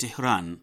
Tehran.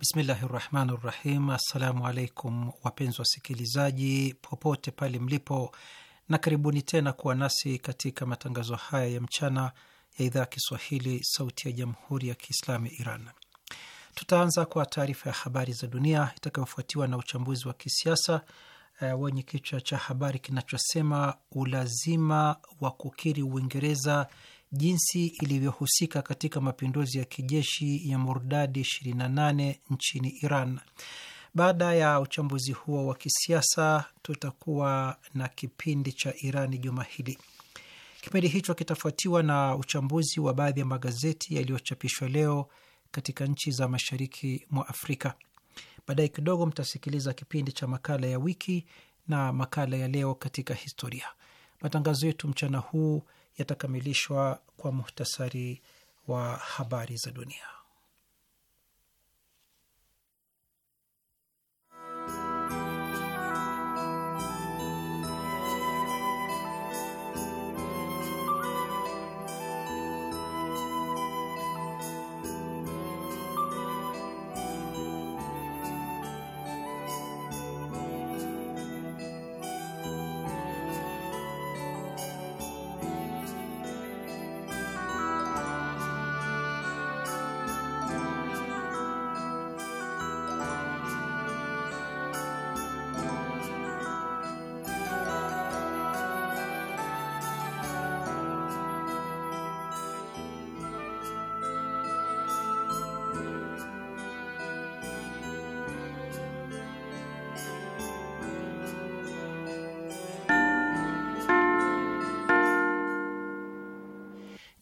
Bismillahi rahmani rahim. Assalamu alaikum wapenzi wasikilizaji popote pale mlipo, na karibuni tena kuwa nasi katika matangazo haya ya mchana ya idhaa ya Kiswahili sauti ya jamhuri ya Kiislamu ya Iran. Tutaanza kwa taarifa ya habari za dunia itakayofuatiwa na uchambuzi wa kisiasa uh, wenye kichwa cha habari kinachosema ulazima wa kukiri Uingereza jinsi ilivyohusika katika mapinduzi ya kijeshi ya Mordadi 28 nchini Iran. Baada ya uchambuzi huo wa kisiasa, tutakuwa na kipindi cha Irani juma hili. Kipindi hicho kitafuatiwa na uchambuzi wa baadhi ya magazeti yaliyochapishwa leo katika nchi za mashariki mwa Afrika. Baadaye kidogo mtasikiliza kipindi cha makala ya wiki na makala ya leo katika historia. Matangazo yetu mchana huu yatakamilishwa kwa muhtasari wa habari za dunia.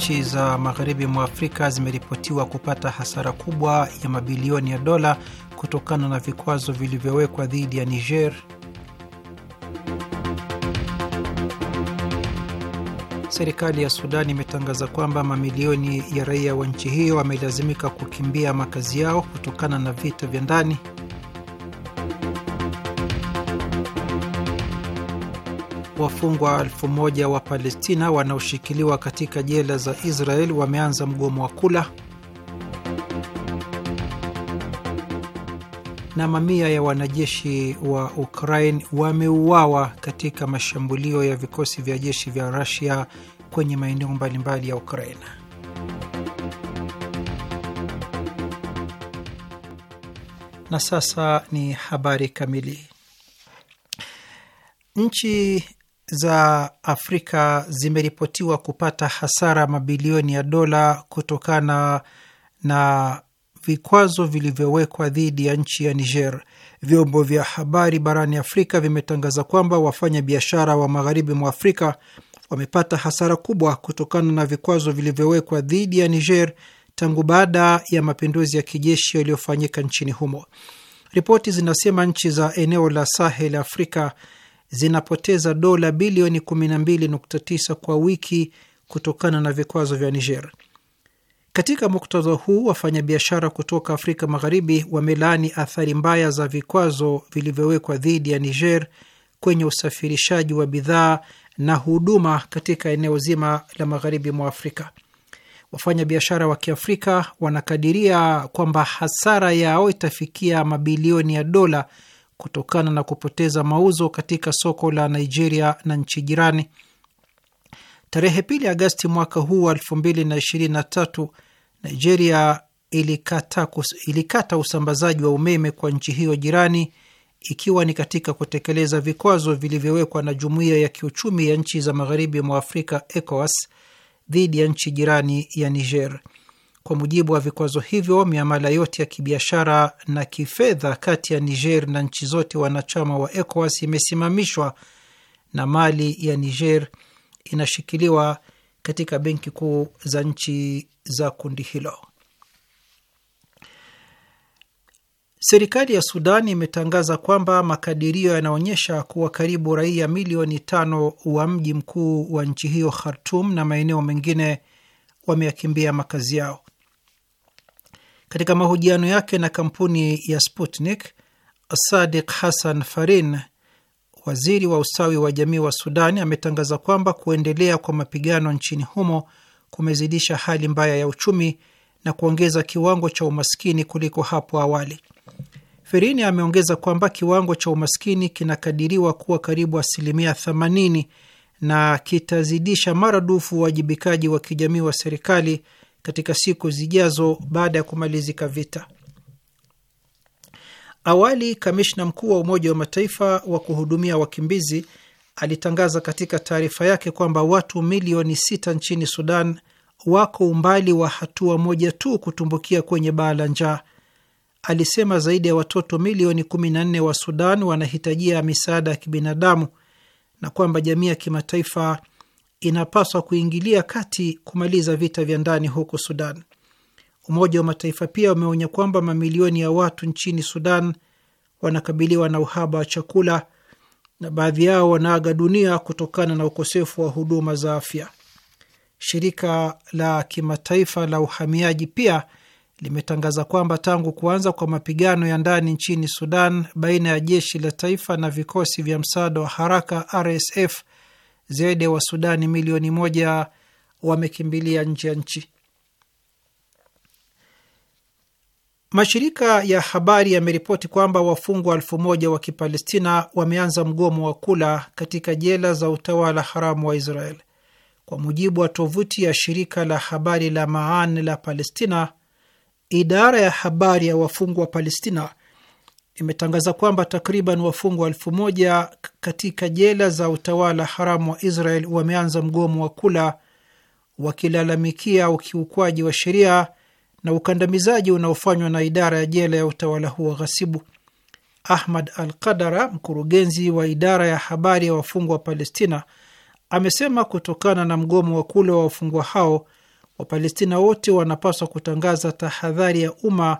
nchi za magharibi mwa Afrika zimeripotiwa kupata hasara kubwa ya mabilioni ya dola kutokana na vikwazo vilivyowekwa dhidi ya Niger. Serikali ya Sudan imetangaza kwamba mamilioni ya raia wa nchi hiyo wamelazimika kukimbia makazi yao kutokana na vita vya ndani. wafungwa elfu moja wa Palestina wanaoshikiliwa katika jela za Israel wameanza mgomo wa kula, na mamia ya wanajeshi wa Ukraine wameuawa katika mashambulio ya vikosi vya jeshi vya Russia kwenye maeneo mbalimbali ya Ukraine. Na sasa ni habari kamili. Nchi za Afrika zimeripotiwa kupata hasara mabilioni ya dola kutokana na vikwazo vilivyowekwa dhidi ya nchi ya Niger. Vyombo vya habari barani Afrika vimetangaza kwamba wafanya biashara wa magharibi mwa Afrika wamepata hasara kubwa kutokana na vikwazo vilivyowekwa dhidi ya Niger tangu baada ya mapinduzi ya kijeshi yaliyofanyika nchini humo. Ripoti zinasema nchi za eneo la Sahel Afrika zinapoteza dola bilioni 12.9 kwa wiki kutokana na vikwazo vya Niger. Katika muktadha huu, wafanyabiashara kutoka Afrika Magharibi wamelaani athari mbaya za vikwazo vilivyowekwa dhidi ya Niger kwenye usafirishaji wa bidhaa na huduma katika eneo zima la magharibi mwa Afrika. Wafanyabiashara wa Kiafrika wanakadiria kwamba hasara yao itafikia mabilioni ya dola kutokana na kupoteza mauzo katika soko la Nigeria na nchi jirani. Tarehe pili Agasti mwaka huu wa 2023 Nigeria ilikata, ilikata usambazaji wa umeme kwa nchi hiyo jirani ikiwa ni katika kutekeleza vikwazo vilivyowekwa na jumuiya ya kiuchumi ya nchi za magharibi mwa Afrika ECOWAS dhidi ya nchi jirani ya Niger. Kwa mujibu wa vikwazo hivyo, miamala yote ya kibiashara na kifedha kati ya Niger na nchi zote wanachama wa ECOWAS imesimamishwa na mali ya Niger inashikiliwa katika benki kuu za nchi za kundi hilo. Serikali ya Sudan imetangaza kwamba makadirio yanaonyesha kuwa karibu raia milioni tano wa mji mkuu wa nchi hiyo Khartum na maeneo mengine wameyakimbia makazi yao. Katika mahojiano yake na kampuni ya Sputnik, Sadik Hassan Farin, waziri wa ustawi wa jamii wa Sudani, ametangaza kwamba kuendelea kwa mapigano nchini humo kumezidisha hali mbaya ya uchumi na kuongeza kiwango cha umaskini kuliko hapo awali. Ferini ameongeza kwamba kiwango cha umaskini kinakadiriwa kuwa karibu asilimia 80 na kitazidisha maradufu uwajibikaji wa kijamii wa serikali katika siku zijazo baada ya kumalizika vita. Awali, kamishna mkuu wa Umoja wa Mataifa wa kuhudumia wakimbizi alitangaza katika taarifa yake kwamba watu milioni sita nchini Sudan wako umbali wa hatua moja tu kutumbukia kwenye baa la njaa. Alisema zaidi ya watoto milioni 14 wa Sudan wanahitajia misaada ya kibinadamu na kwamba jamii ya kimataifa inapaswa kuingilia kati kumaliza vita vya ndani huko Sudan. Umoja wa Mataifa pia umeonya kwamba mamilioni ya watu nchini Sudan wanakabiliwa na uhaba wa chakula na baadhi yao wanaaga dunia kutokana na ukosefu wa huduma za afya. Shirika la kimataifa la uhamiaji pia limetangaza kwamba tangu kuanza kwa mapigano ya ndani nchini Sudan baina ya jeshi la taifa na vikosi vya msaada wa haraka RSF zaidi ya Wasudani milioni moja wamekimbilia nje ya nchi. Mashirika ya habari yameripoti kwamba wafungwa elfu moja wa Kipalestina wameanza mgomo wa kula katika jela za utawala haramu wa Israel. Kwa mujibu wa tovuti ya shirika la habari la Maan la Palestina, idara ya habari ya wafungwa wa Palestina imetangaza kwamba takriban wafungwa elfu moja katika jela za utawala haramu wa Israel wameanza mgomo wa kula wakilalamikia ukiukwaji wa sheria na ukandamizaji unaofanywa na idara ya jela ya utawala huo ghasibu. Ahmad Al Qadara, mkurugenzi wa idara ya habari ya wafungwa wa Palestina, amesema kutokana na mgomo wa kula wa wafungwa hao, Wapalestina wote wanapaswa kutangaza tahadhari ya umma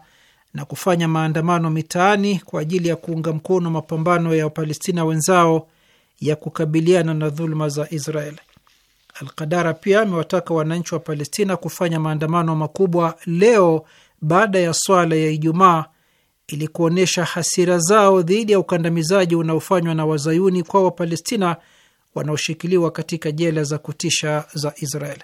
na kufanya maandamano mitaani kwa ajili ya kuunga mkono mapambano ya Wapalestina wenzao ya kukabiliana na dhuluma za Israel. Alqadara pia amewataka wananchi wa Palestina kufanya maandamano makubwa leo baada ya swala ya Ijumaa ili kuonyesha hasira zao dhidi ya ukandamizaji unaofanywa na wazayuni kwa Wapalestina wanaoshikiliwa katika jela za kutisha za Israeli.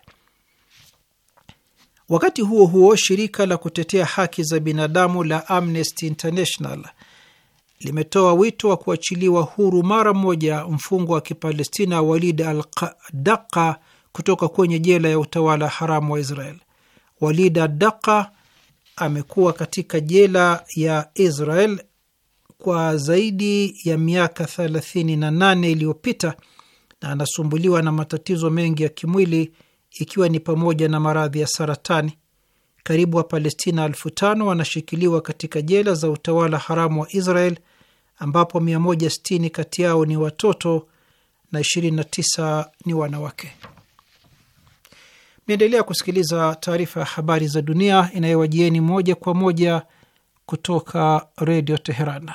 Wakati huo huo, shirika la kutetea haki za binadamu la Amnesty International limetoa wito wa kuachiliwa huru mara moja mfungwa wa Kipalestina Walid al-Daqa kutoka kwenye jela ya utawala haramu wa Israel. Walid al-Daqa amekuwa katika jela ya Israel kwa zaidi ya miaka 38 iliyopita na anasumbuliwa na matatizo mengi ya kimwili ikiwa ni pamoja na maradhi ya saratani. Karibu Wapalestina elfu tano wanashikiliwa katika jela za utawala haramu wa Israel ambapo 160 kati yao ni watoto na 29 ni wanawake. Mnaendelea kusikiliza taarifa ya habari za dunia inayowajieni moja kwa moja kutoka Redio Teheran.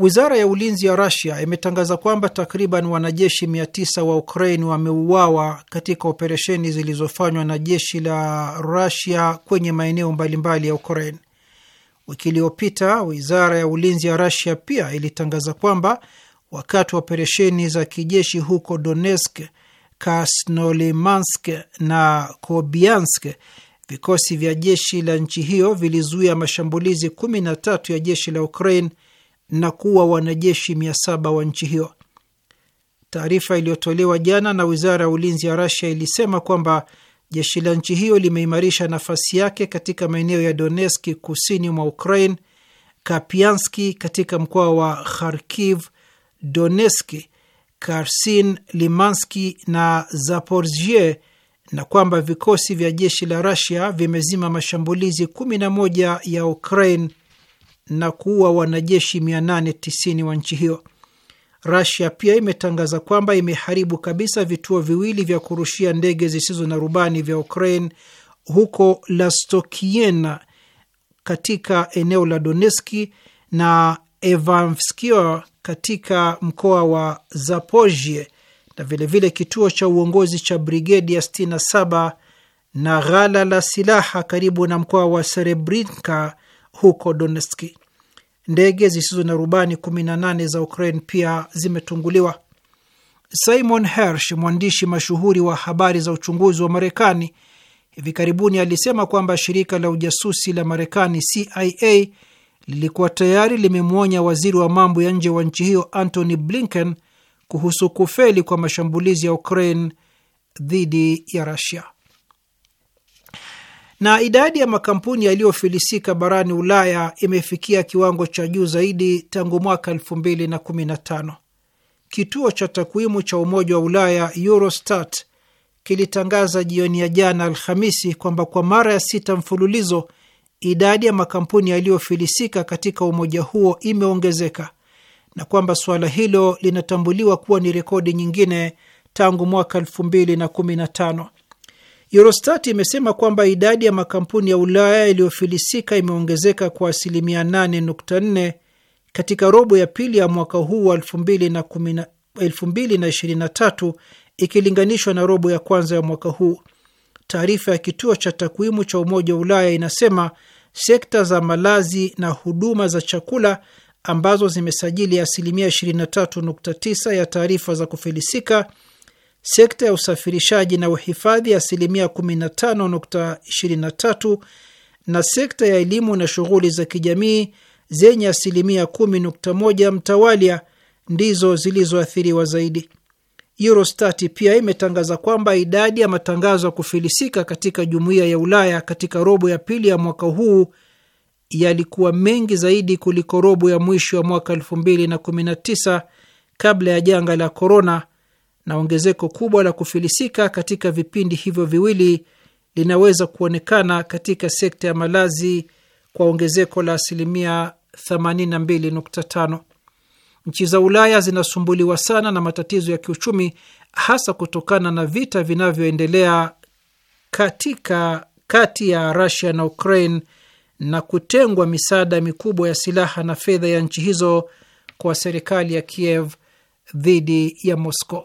Wizara ya ulinzi ya Rasia imetangaza kwamba takriban wanajeshi 900 wa Ukraine wameuawa katika operesheni zilizofanywa na jeshi la Rasia kwenye maeneo mbalimbali ya Ukraine. Wiki iliyopita wizara ya ulinzi ya Rasia pia ilitangaza kwamba wakati wa operesheni za kijeshi huko Donetsk, Kasnolimansk na Kobiansk, vikosi vya jeshi la nchi hiyo vilizuia mashambulizi 13 ya jeshi la Ukraine na kuwa wanajeshi saba wa nchi hiyo. Taarifa iliyotolewa jana na wizara ya ulinzi ya rasia ilisema kwamba jeshi la nchi hiyo limeimarisha nafasi yake katika maeneo ya Donetski kusini mwa Ukraine, Kapianski katika mkoa wa Kharkiv, Donetski, Karsin, Limanski na zaporgie na kwamba vikosi vya jeshi la rasia vimezima mashambulizi 11 ya Ukraine na kuua wanajeshi 890 wa nchi hiyo. Rasia pia imetangaza kwamba imeharibu kabisa vituo viwili vya kurushia ndege zisizo na rubani vya Ukraine huko Lastokiena katika eneo la Doneski na Evanskio katika mkoa wa Zaporie na vilevile vile kituo cha uongozi cha brigedi ya 67 na ghala la silaha karibu na mkoa wa Serebrinka huko Donetski. Ndege zisizo na rubani 18 za Ukraine pia zimetunguliwa. Simon Hersh, mwandishi mashuhuri wa habari za uchunguzi wa Marekani, hivi karibuni alisema kwamba shirika la ujasusi la Marekani CIA lilikuwa tayari limemwonya waziri wa mambo ya nje wa nchi hiyo Antony Blinken kuhusu kufeli kwa mashambulizi ya Ukraine dhidi ya rusia na idadi ya makampuni yaliyofilisika barani Ulaya imefikia kiwango cha juu zaidi tangu mwaka 2015. Kituo cha takwimu cha Umoja wa Ulaya Eurostat kilitangaza jioni ya jana Alhamisi kwamba kwa mara ya sita mfululizo idadi ya makampuni yaliyofilisika katika umoja huo imeongezeka na kwamba suala hilo linatambuliwa kuwa ni rekodi nyingine tangu mwaka 215 Eurostat imesema kwamba idadi ya makampuni ya Ulaya yaliyofilisika imeongezeka kwa asilimia 8.4 katika robo ya pili ya mwaka huu wa 2023 ikilinganishwa na robo ya kwanza ya mwaka huu. Taarifa ya kituo cha takwimu cha Umoja wa Ulaya inasema sekta za malazi na huduma za chakula ambazo zimesajili asilimia 23.9 ya taarifa za kufilisika sekta ya usafirishaji na uhifadhi asilimia 15.23 na sekta ya elimu na shughuli za kijamii zenye asilimia 10.1 mtawalia ndizo zilizoathiriwa zaidi. Eurostat pia imetangaza kwamba idadi ya matangazo ya kufilisika katika jumuiya ya Ulaya katika robo ya pili ya mwaka huu yalikuwa mengi zaidi kuliko robo ya mwisho ya mwaka 2019 kabla ya janga la korona na ongezeko kubwa la kufilisika katika vipindi hivyo viwili linaweza kuonekana katika sekta ya malazi kwa ongezeko la asilimia 82.5. Nchi za Ulaya zinasumbuliwa sana na matatizo ya kiuchumi, hasa kutokana na vita vinavyoendelea katika kati ya Rusia na Ukraine na kutengwa misaada mikubwa ya silaha na fedha ya nchi hizo kwa serikali ya Kiev dhidi ya Moscow.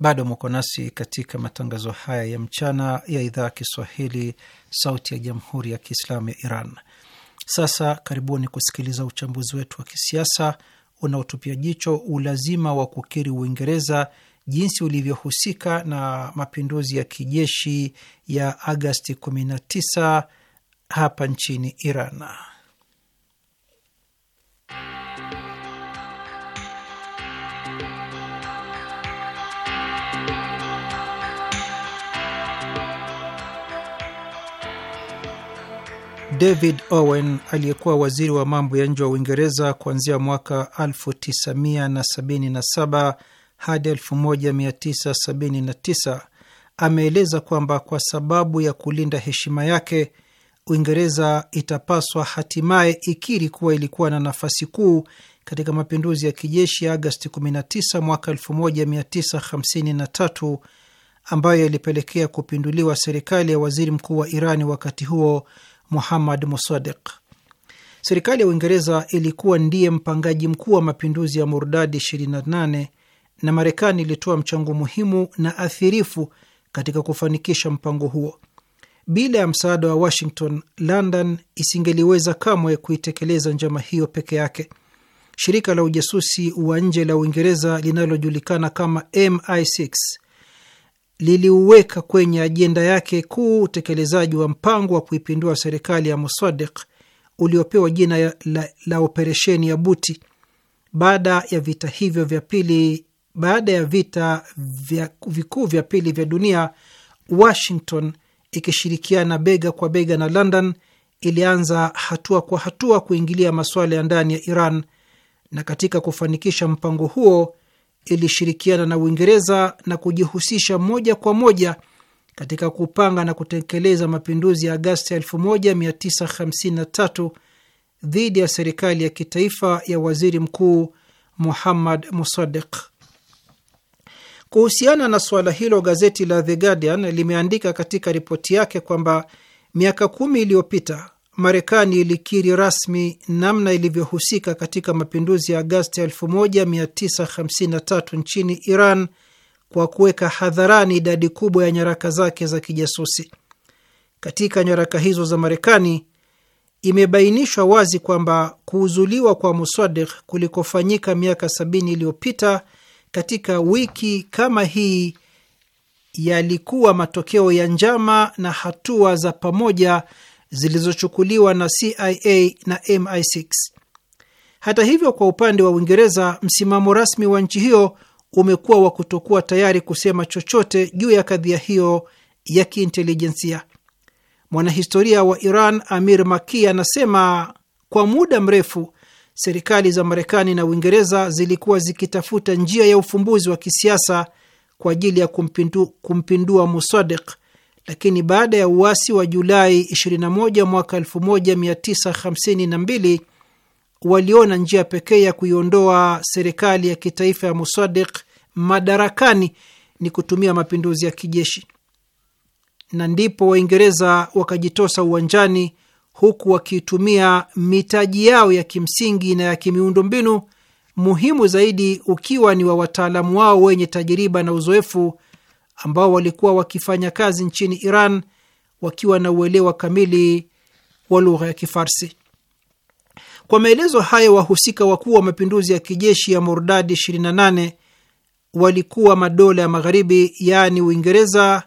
Bado mko nasi katika matangazo haya ya mchana ya idhaa ya Kiswahili, Sauti ya Jamhuri ya Kiislamu ya Iran. Sasa karibuni kusikiliza uchambuzi wetu wa kisiasa unaotupia jicho ulazima wa kukiri Uingereza jinsi ulivyohusika na mapinduzi ya kijeshi ya Agasti 19 hapa nchini Iran. David Owen aliyekuwa waziri wa mambo ya nje wa Uingereza kuanzia mwaka 1977 hadi 1979 ameeleza kwamba kwa sababu ya kulinda heshima yake Uingereza itapaswa hatimaye ikiri kuwa ilikuwa na nafasi kuu katika mapinduzi ya kijeshi ya Agasti 19 mwaka 1953 ambayo yalipelekea kupinduliwa serikali ya waziri mkuu wa Irani wakati huo Muhammad Musadiq. Serikali ya Uingereza ilikuwa ndiye mpangaji mkuu wa mapinduzi ya Murdadi 28 na Marekani ilitoa mchango muhimu na athirifu katika kufanikisha mpango huo. Bila ya msaada wa Washington, London isingeliweza kamwe kuitekeleza njama hiyo peke yake. Shirika la ujasusi wa nje la Uingereza linalojulikana kama MI6 liliuweka kwenye ajenda yake kuu utekelezaji wa mpango wa kuipindua serikali ya Mosadiq uliopewa jina la, la operesheni ya Buti. Baada ya vita hivyo vya pili, baada ya vita vya vikuu vya pili vya dunia, Washington ikishirikiana bega kwa bega na London ilianza hatua kwa hatua kuingilia masuala ya ndani ya Iran, na katika kufanikisha mpango huo ilishirikiana na Uingereza na kujihusisha moja kwa moja katika kupanga na kutekeleza mapinduzi ya Agasti 1953 dhidi ya serikali ya kitaifa ya waziri mkuu Muhammad Musaddiq. Kuhusiana na suala hilo, gazeti la The Guardian limeandika katika ripoti yake kwamba miaka kumi iliyopita Marekani ilikiri rasmi namna ilivyohusika katika mapinduzi ya Agasti 1953 nchini Iran kwa kuweka hadharani idadi kubwa ya nyaraka zake za kijasusi. Katika nyaraka hizo za Marekani imebainishwa wazi kwamba kuuzuliwa kwa Musadik kulikofanyika miaka sabini iliyopita katika wiki kama hii yalikuwa matokeo ya njama na hatua za pamoja zilizochukuliwa na CIA na MI6. Hata hivyo, kwa upande wa Uingereza, msimamo rasmi wa nchi hiyo umekuwa wa kutokuwa tayari kusema chochote juu ya kadhia hiyo ya kiintelijensia. Mwanahistoria wa Iran Amir Maki anasema kwa muda mrefu serikali za Marekani na Uingereza zilikuwa zikitafuta njia ya ufumbuzi wa kisiasa kwa ajili ya kumpindu, kumpindua Musadik lakini baada ya uasi wa Julai 21 mwaka 1952 waliona njia pekee ya kuiondoa serikali ya kitaifa ya Musadik madarakani ni kutumia mapinduzi ya kijeshi, na ndipo Waingereza wakajitosa uwanjani, huku wakitumia mitaji yao ya kimsingi na ya kimiundo mbinu muhimu zaidi ukiwa ni wa wataalamu wao wenye tajiriba na uzoefu ambao walikuwa wakifanya kazi nchini Iran wakiwa na uelewa kamili wa lugha ya Kifarsi. Kwa maelezo hayo, wahusika wakuu wa mapinduzi ya kijeshi ya Mordadi 28 walikuwa madola ya Magharibi, yaani Uingereza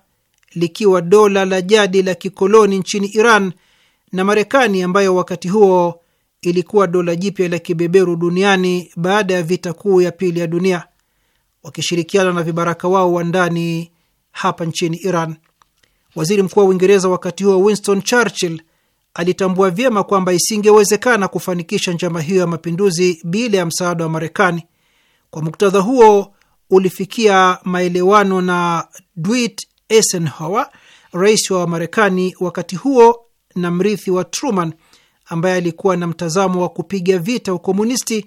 likiwa dola la jadi la kikoloni nchini Iran na Marekani ambayo wakati huo ilikuwa dola jipya la kibeberu duniani baada ya vita kuu ya pili ya dunia, wakishirikiana na vibaraka wao wa ndani hapa nchini Iran. Waziri mkuu wa Uingereza wakati huo Winston Churchill alitambua vyema kwamba isingewezekana kufanikisha njama hiyo ya mapinduzi bila ya msaada wa Marekani. Kwa muktadha huo ulifikia maelewano na Dwight Eisenhower, rais wa Marekani wakati huo na mrithi wa Truman, ambaye alikuwa na mtazamo wa kupiga vita ukomunisti,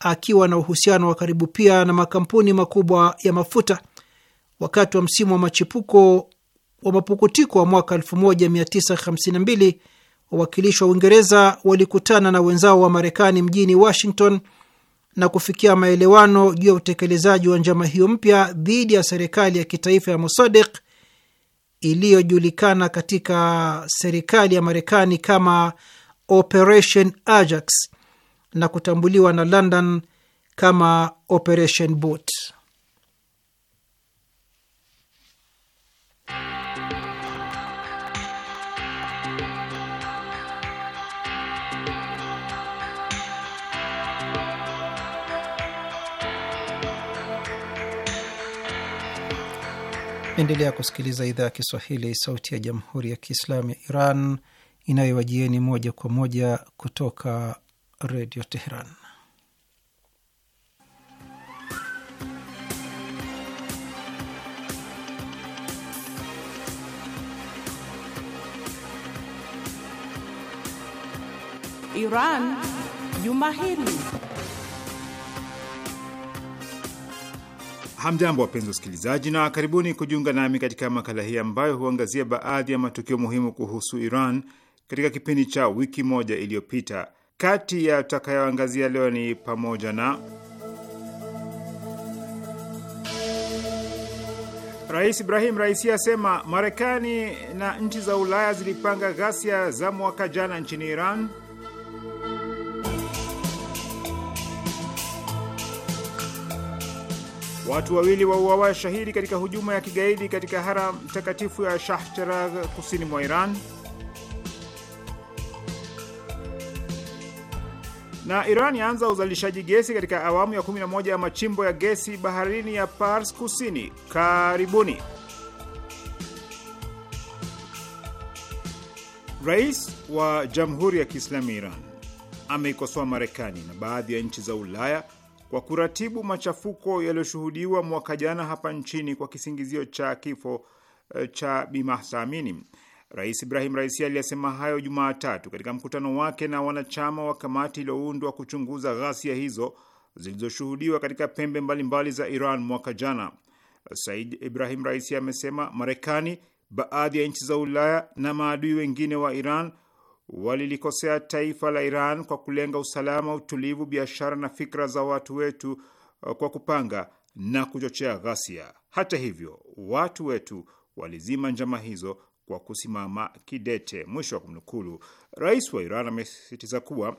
akiwa na uhusiano wa karibu pia na makampuni makubwa ya mafuta wakati wa msimu wa machipuko wa mapukutiko wa mwaka 1952 wawakilishi wa Uingereza walikutana na wenzao wa Marekani mjini Washington na kufikia maelewano juu ya utekelezaji wa njama hiyo mpya dhidi ya serikali ya kitaifa ya mosadik iliyojulikana katika serikali ya Marekani kama Operation Ajax na kutambuliwa na London kama Operation Boot. Endelea kusikiliza idhaa ya Kiswahili, sauti ya jamhuri ya kiislamu ya Iran inayowajieni moja kwa moja kutoka redio Teheran. Iran Juma Hili. Hamjambo, wapenzi wasikilizaji, na karibuni kujiunga nami katika makala hii ambayo huangazia baadhi ya matukio muhimu kuhusu Iran katika kipindi cha wiki moja iliyopita. Kati ya tutakayoangazia leo ni pamoja na Rais Ibrahim Raisi asema Marekani na nchi za Ulaya zilipanga ghasia za mwaka jana nchini Iran. Watu wawili wauawa shahidi katika hujuma ya kigaidi katika haram takatifu ya Shah Cheragh kusini mwa Iran. Na Iran yaanza uzalishaji gesi katika awamu ya 11 ya machimbo ya gesi baharini ya Pars Kusini. Karibuni. Rais wa Jamhuri ya Kiislamu ya Iran ameikosoa Marekani na baadhi ya nchi za Ulaya kwa kuratibu machafuko yaliyoshuhudiwa mwaka jana hapa nchini kwa kisingizio cha kifo eh, cha Bi Mahsa Amini. Rais Ibrahim Raisi aliyesema hayo Jumatatu katika mkutano wake na wanachama wa kamati iliyoundwa kuchunguza ghasia hizo zilizoshuhudiwa katika pembe mbalimbali mbali za Iran mwaka jana. Said Ibrahim Raisi amesema Marekani, baadhi ya nchi za Ulaya na maadui wengine wa Iran walilikosea taifa la Iran kwa kulenga usalama, utulivu, biashara na fikra za watu wetu uh, kwa kupanga na kuchochea ghasia. Hata hivyo, watu wetu walizima njama hizo kwa kusimama kidete. Mwisho wa kumnukulu. Rais wa Iran amesisitiza kuwa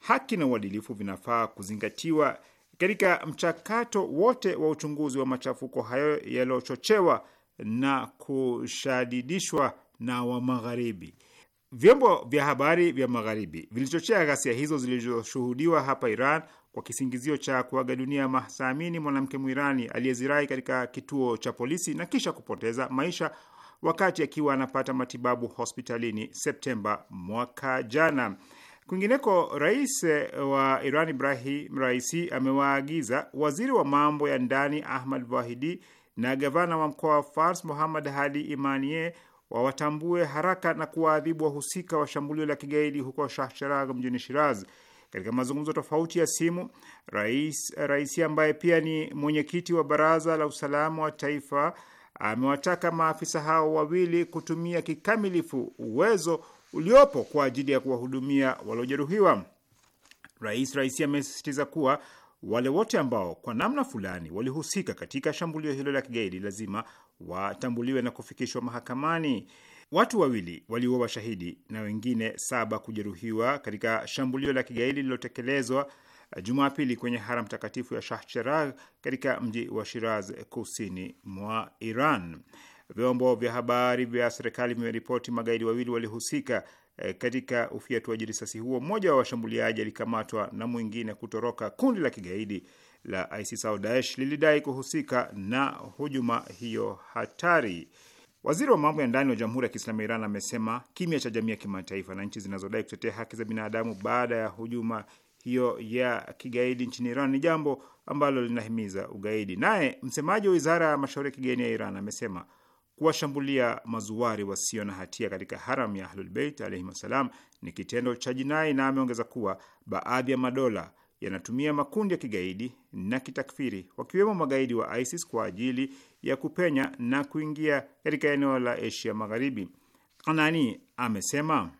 haki na uadilifu vinafaa kuzingatiwa katika mchakato wote wa uchunguzi wa machafuko hayo yaliyochochewa na kushadidishwa na wa Magharibi. Vyombo vya habari vya magharibi vilichochea ghasia hizo zilizoshuhudiwa hapa Iran kwa kisingizio cha kuaga dunia Mahsa Amini, mwanamke Mwirani aliyezirai katika kituo cha polisi na kisha kupoteza maisha wakati akiwa anapata matibabu hospitalini Septemba mwaka jana. Kwingineko, rais wa Iran Ibrahim Raisi amewaagiza waziri wa mambo ya ndani Ahmad Vahidi na gavana wa mkoa wa Fars Muhammad Hadi Imanie wawatambue haraka na kuwaadhibu wahusika wa shambulio la kigaidi huko Shahcheragh mjini Shiraz. Katika mazungumzo tofauti ya simu, rais raisi ambaye pia ni mwenyekiti wa baraza la usalama wa taifa amewataka maafisa hao wawili kutumia kikamilifu uwezo uliopo kwa ajili ya kuwahudumia waliojeruhiwa. Rais Raisi amesisitiza kuwa wale wote ambao kwa namna fulani walihusika katika shambulio hilo la kigaidi lazima watambuliwe na kufikishwa mahakamani. Watu wawili waliuawa washahidi na wengine saba kujeruhiwa katika shambulio la kigaidi lililotekelezwa Jumapili kwenye haram takatifu ya Shah Cheragh katika mji wa Shiraz kusini mwa Iran. Vyombo vya habari vya serikali vimeripoti magaidi wawili walihusika eh, katika ufiatuaji risasi huo. Mmoja wa washambuliaji alikamatwa na mwingine kutoroka. Kundi la kigaidi la ISIS au Daesh lilidai kuhusika na hujuma hiyo hatari. Waziri wa mambo ya ndani wa Jamhuri ya Kiislamu ya Iran amesema kimya cha jamii ya kimataifa na nchi zinazodai kutetea haki za binadamu baada ya hujuma hiyo ya kigaidi nchini Iran ni jambo ambalo linahimiza ugaidi. Naye msemaji wa wizara ya mashauri ya kigeni ya Iran amesema kuwashambulia mazuwari wasio na hatia katika haram ya Ahlulbeit alaihim wassalam ni kitendo cha jinai, na ameongeza kuwa baadhi ya madola yanatumia makundi ya kigaidi na kitakfiri wakiwemo magaidi wa ISIS kwa ajili ya kupenya na kuingia katika eneo la Asia Magharibi. Kanani amesema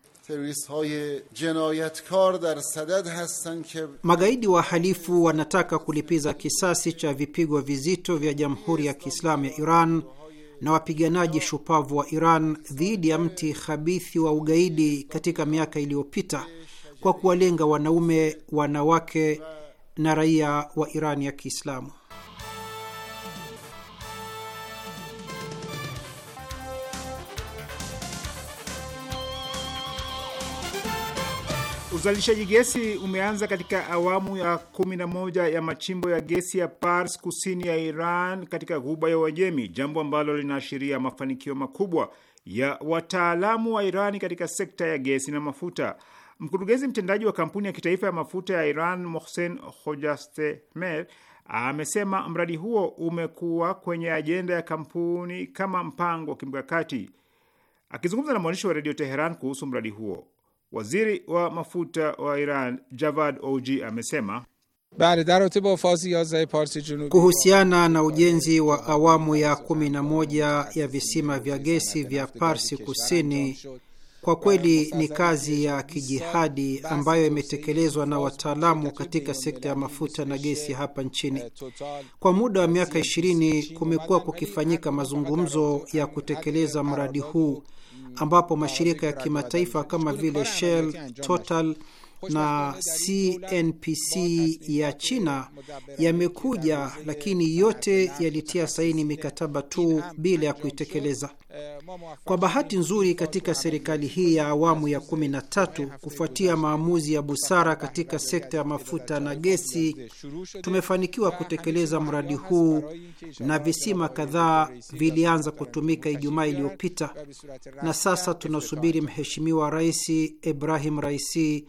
magaidi wa halifu wanataka kulipiza kisasi cha vipigwa vizito vya Jamhuri ya Kiislamu ya Iran na wapiganaji shupavu wa Iran dhidi ya mti khabithi wa ugaidi katika miaka iliyopita kwa kuwalenga wanaume, wanawake na raia wa Iran ya Kiislamu. Uzalishaji gesi umeanza katika awamu ya 11 ya machimbo ya gesi ya Pars kusini ya Iran katika ghuba ya Uajemi, jambo ambalo linaashiria mafanikio makubwa ya wataalamu wa Irani katika sekta ya gesi na mafuta. Mkurugenzi mtendaji wa kampuni ya kitaifa ya mafuta ya Iran Mohsen hojastemer amesema mradi huo umekuwa kwenye ajenda ya kampuni kama mpango wa kimkakati. Akizungumza na mwandishi wa redio Teheran kuhusu mradi huo, waziri wa mafuta wa Iran Javad og amesema kuhusiana na ujenzi wa awamu ya kumi na moja ya visima vya gesi vya Parsi Kusini kwa kweli ni kazi ya kijihadi ambayo imetekelezwa na wataalamu katika sekta ya mafuta na gesi hapa nchini. Kwa muda wa miaka ishirini kumekuwa kukifanyika mazungumzo ya kutekeleza mradi huu ambapo mashirika ya kimataifa kama vile Shell, Total na CNPC ya China yamekuja, lakini yote yalitia saini mikataba tu bila ya kuitekeleza. Kwa bahati nzuri, katika serikali hii ya awamu ya kumi na tatu, kufuatia maamuzi ya busara katika sekta ya mafuta na gesi, tumefanikiwa kutekeleza mradi huu na visima kadhaa vilianza kutumika Ijumaa iliyopita, na sasa tunasubiri Mheshimiwa Rais Ibrahim Raisi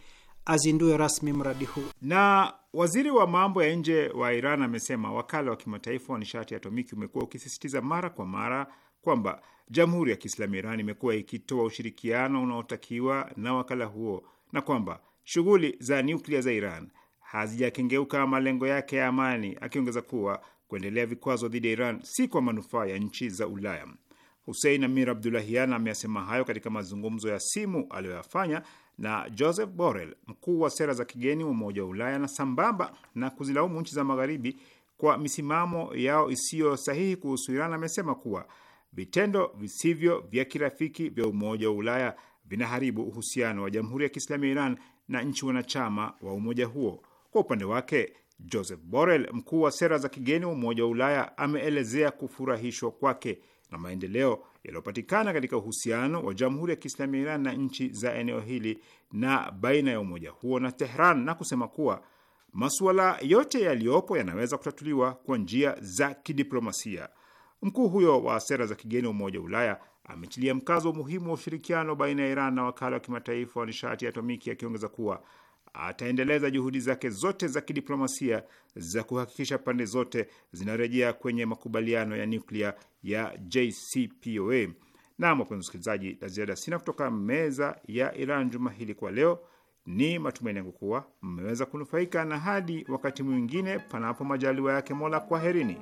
azindue rasmi mradi huu. Na waziri wa mambo ya nje wa Iran amesema wakala wa kimataifa wa nishati ya atomiki umekuwa ukisisitiza mara kwa mara kwamba Jamhuri ya Kiislamu ya Iran imekuwa ikitoa ushirikiano unaotakiwa na wakala huo na kwamba shughuli za nyuklia za Iran hazijakengeuka malengo yake ya amani, akiongeza kuwa kuendelea vikwazo dhidi ya Iran si kwa manufaa ya nchi za Ulaya. Husein Amir Abdulahian ameyasema hayo katika mazungumzo ya simu aliyoyafanya na Joseph Borrell, mkuu wa sera za kigeni wa Umoja wa Ulaya, na sambamba na kuzilaumu nchi za Magharibi kwa misimamo yao isiyo sahihi kuhusu Iran, amesema kuwa vitendo visivyo vya kirafiki vya Umoja wa Ulaya vinaharibu uhusiano wa Jamhuri ya Kiislamu ya Iran na nchi wanachama wa umoja huo. Kwa upande wake Joseph Borrell, mkuu wa sera za kigeni wa Umoja wa Ulaya, ameelezea kufurahishwa kwake na maendeleo yaliyopatikana katika uhusiano wa Jamhuri ya Kiislamu ya Iran na nchi za eneo hili na baina ya umoja huo na Tehran na kusema kuwa masuala yote yaliyopo yanaweza kutatuliwa kwa njia za kidiplomasia. Mkuu huyo wa sera za kigeni wa Umoja wa Ulaya ametilia mkazo umuhimu wa ushirikiano baina ya Iran na wakala wa kimataifa wa nishati ya atomiki, akiongeza kuwa ataendeleza juhudi zake zote za kidiplomasia za kuhakikisha pande zote zinarejea kwenye makubaliano ya nyuklia ya JCPOA. Nam, wapenzi msikilizaji, la ziada sina kutoka meza ya Iran juma hili kwa leo. Ni matumaini yangu kuwa mmeweza kunufaika, na hadi wakati mwingine, panapo majaliwa yake Mola, kwaherini.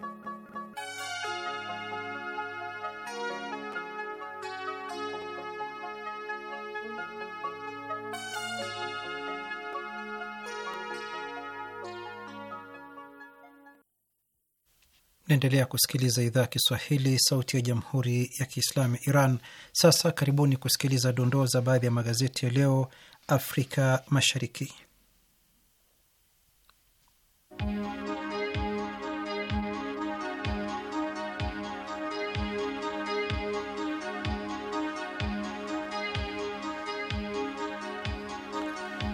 Naendelea kusikiliza idhaa Kiswahili sauti ya jamhuri ya kiislamu ya Iran. Sasa karibuni kusikiliza dondoo za baadhi ya magazeti ya leo Afrika Mashariki.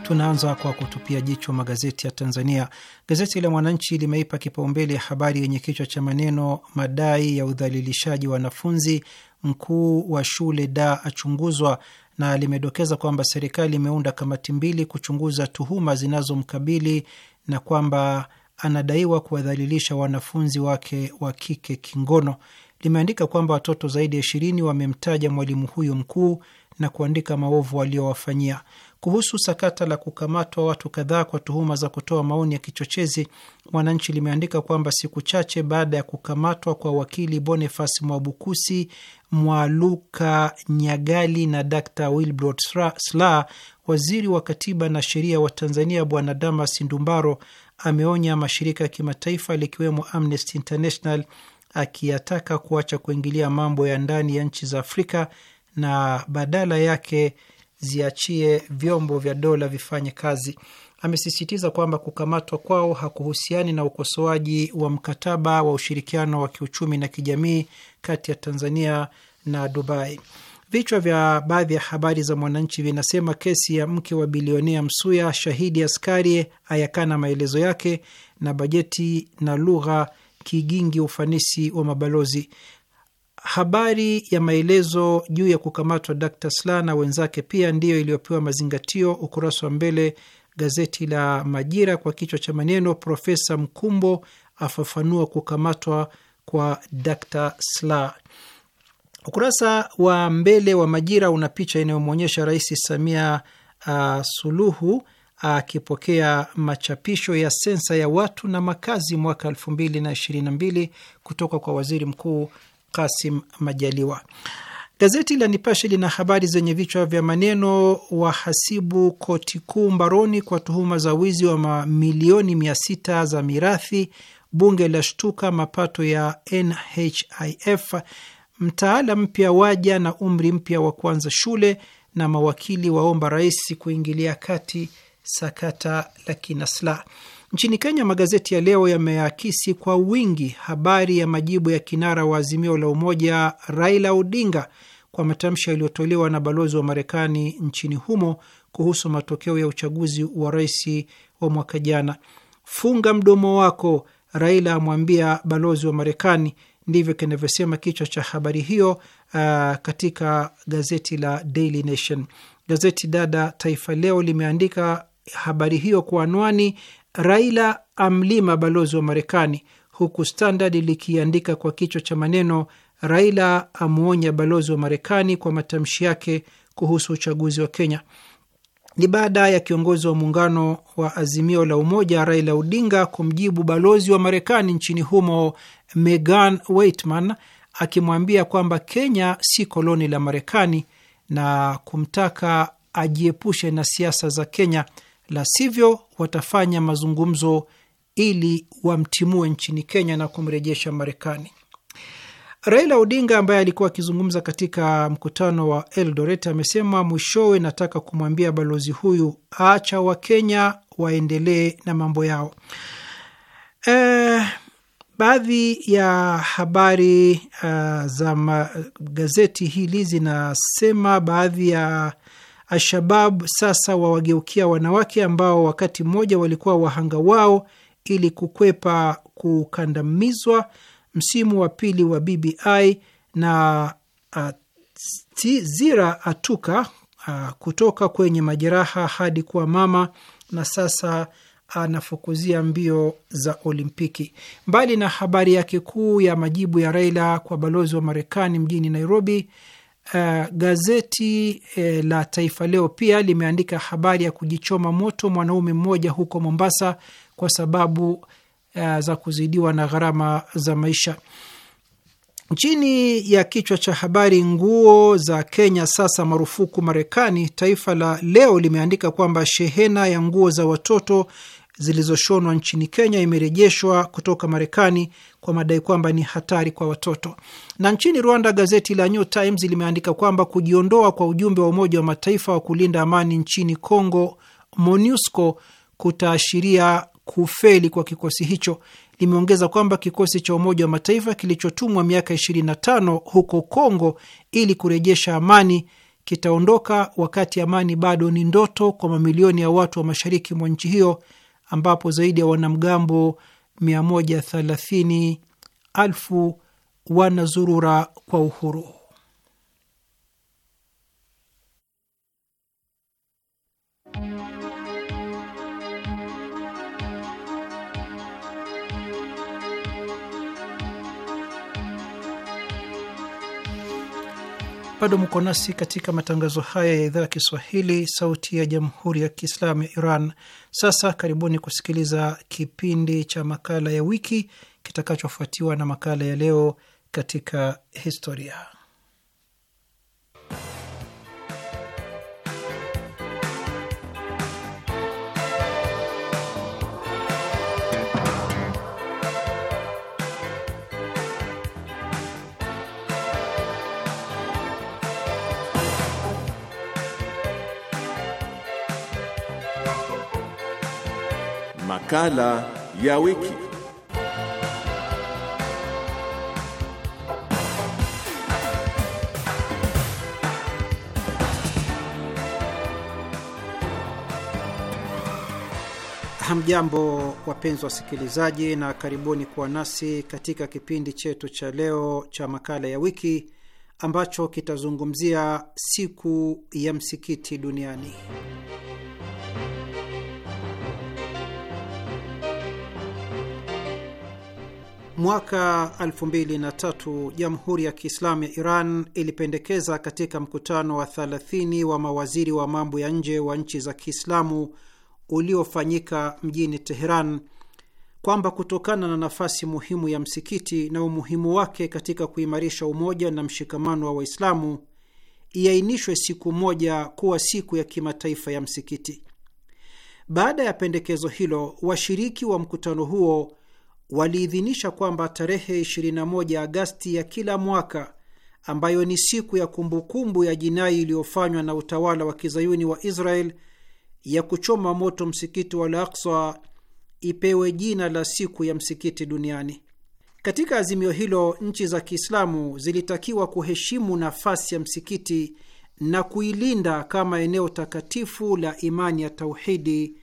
Tunaanza kwa kutupia jicho magazeti ya Tanzania. Gazeti la Mwananchi limeipa kipaumbele habari yenye kichwa cha maneno madai ya udhalilishaji wa wanafunzi, mkuu wa shule da achunguzwa, na limedokeza kwamba serikali imeunda kamati mbili kuchunguza tuhuma zinazomkabili na kwamba anadaiwa kuwadhalilisha wanafunzi wake wa kike kingono. Limeandika kwamba watoto zaidi ya ishirini wamemtaja mwalimu huyo mkuu na kuandika maovu aliyowafanyia. Kuhusu sakata la kukamatwa watu kadhaa kwa tuhuma za kutoa maoni ya kichochezi, Mwananchi limeandika kwamba siku chache baada ya kukamatwa kwa wakili Boniface Mwabukusi, Mwaluka Nyagali na Dr Wilbrod sla waziri wa katiba na sheria wa Tanzania Bwana Damas Ndumbaro ameonya mashirika ya kimataifa likiwemo Amnesty International akiyataka kuacha kuingilia mambo ya ndani ya nchi za Afrika na badala yake ziachie vyombo vya dola vifanye kazi. Amesisitiza kwamba kukamatwa kwao hakuhusiani na ukosoaji wa mkataba wa ushirikiano wa kiuchumi na kijamii kati ya Tanzania na Dubai. Vichwa vya baadhi ya habari za Mwananchi vinasema kesi ya mke wa bilionea Msuya, shahidi askari ayakana maelezo yake, na bajeti na lugha kigingi ufanisi wa mabalozi. Habari ya maelezo juu ya kukamatwa d sla na wenzake pia ndiyo iliyopewa mazingatio ukurasa wa mbele gazeti la Majira kwa kichwa cha maneno Profesa Mkumbo afafanua kukamatwa kwa d sla Ukurasa wa mbele wa Majira una picha inayomwonyesha Rais Samia uh, Suluhu akipokea uh, machapisho ya sensa ya watu na makazi mwaka 2022 kutoka kwa Waziri Mkuu Kasim Majaliwa. Gazeti la Nipashe lina habari zenye vichwa vya maneno: wahasibu koti kuu mbaroni kwa tuhuma za wizi wa mamilioni mia sita za mirathi; bunge la shtuka mapato ya NHIF; mtaala mpya waja na umri mpya wa kuanza shule; na mawakili waomba rais kuingilia kati sakata la Kinasla. Nchini Kenya, magazeti ya leo yameakisi kwa wingi habari ya majibu ya kinara wa Azimio la Umoja Raila Odinga kwa matamshi yaliyotolewa na balozi wa Marekani nchini humo kuhusu matokeo ya uchaguzi wa rais wa mwaka jana. Funga mdomo wako, Raila amwambia balozi wa Marekani, ndivyo kinavyosema kichwa cha habari hiyo uh, katika gazeti la Daily Nation. Gazeti dada Taifa Leo limeandika habari hiyo kwa anwani Raila amlima balozi wa Marekani, huku Standard likiandika kwa kichwa cha maneno Raila amwonya balozi wa Marekani kwa matamshi yake kuhusu uchaguzi wa Kenya. Ni baada ya kiongozi wa muungano wa Azimio la Umoja Raila Odinga kumjibu balozi wa Marekani nchini humo Megan Waitman akimwambia kwamba Kenya si koloni la Marekani na kumtaka ajiepushe na siasa za Kenya la sivyo watafanya mazungumzo ili wamtimue nchini Kenya na kumrejesha Marekani. Raila Odinga ambaye alikuwa akizungumza katika mkutano wa Eldoret amesema mwishowe, nataka kumwambia balozi huyu, acha Wakenya waendelee na mambo yao. E, baadhi ya habari uh, za magazeti hili zinasema baadhi ya Alshabab sasa wawageukia wanawake ambao wakati mmoja walikuwa wahanga wao ili kukwepa kukandamizwa. Msimu wa pili wa BBI na uh, Zira atuka a, uh, kutoka kwenye majeraha hadi kuwa mama na sasa anafukuzia mbio za Olimpiki. Mbali na habari yake kuu ya majibu ya Raila kwa balozi wa Marekani mjini Nairobi, Uh, gazeti uh, la Taifa Leo pia limeandika habari ya kujichoma moto mwanaume mmoja huko Mombasa kwa sababu uh, za kuzidiwa na gharama za maisha. Chini ya kichwa cha habari nguo za Kenya sasa marufuku Marekani, Taifa la Leo limeandika kwamba shehena ya nguo za watoto zilizoshonwa nchini Kenya imerejeshwa kutoka Marekani kwa madai kwamba ni hatari kwa watoto. Na nchini Rwanda, gazeti la New Times limeandika kwamba kujiondoa kwa ujumbe wa Umoja wa Mataifa wa kulinda amani nchini Congo, MONUSCO, kutaashiria kufeli kwa kikosi hicho. Limeongeza kwamba kikosi cha Umoja wa Mataifa kilichotumwa miaka 25 huko Congo ili kurejesha amani kitaondoka wakati amani bado ni ndoto kwa mamilioni ya watu wa mashariki mwa nchi hiyo ambapo zaidi ya wanamgambo 130,000 wanazurura kwa uhuru. Bado mko nasi katika matangazo haya ya idhaa ya Kiswahili, sauti ya jamhuri ya kiislamu ya Iran. Sasa karibuni kusikiliza kipindi cha makala ya wiki kitakachofuatiwa na makala ya leo katika historia. Makala ya wiki. Hamjambo, wapenzi wasikilizaji, na karibuni kuwa nasi katika kipindi chetu cha leo cha makala ya wiki ambacho kitazungumzia siku ya msikiti duniani. Mwaka 2003 Jamhuri ya Kiislamu ya Iran ilipendekeza katika mkutano wa 30 wa mawaziri wa mambo ya nje wa nchi za Kiislamu uliofanyika mjini Teheran kwamba kutokana na nafasi muhimu ya msikiti na umuhimu wake katika kuimarisha umoja na mshikamano wa Waislamu, iainishwe siku moja kuwa siku ya kimataifa ya msikiti. Baada ya pendekezo hilo, washiriki wa mkutano huo waliidhinisha kwamba tarehe 21 Agasti ya kila mwaka ambayo ni siku ya kumbukumbu ya jinai iliyofanywa na utawala wa kizayuni wa Israel ya kuchoma moto msikiti wa Al-Aqsa ipewe jina la siku ya msikiti duniani. Katika azimio hilo, nchi za Kiislamu zilitakiwa kuheshimu nafasi ya msikiti na kuilinda kama eneo takatifu la imani ya tauhidi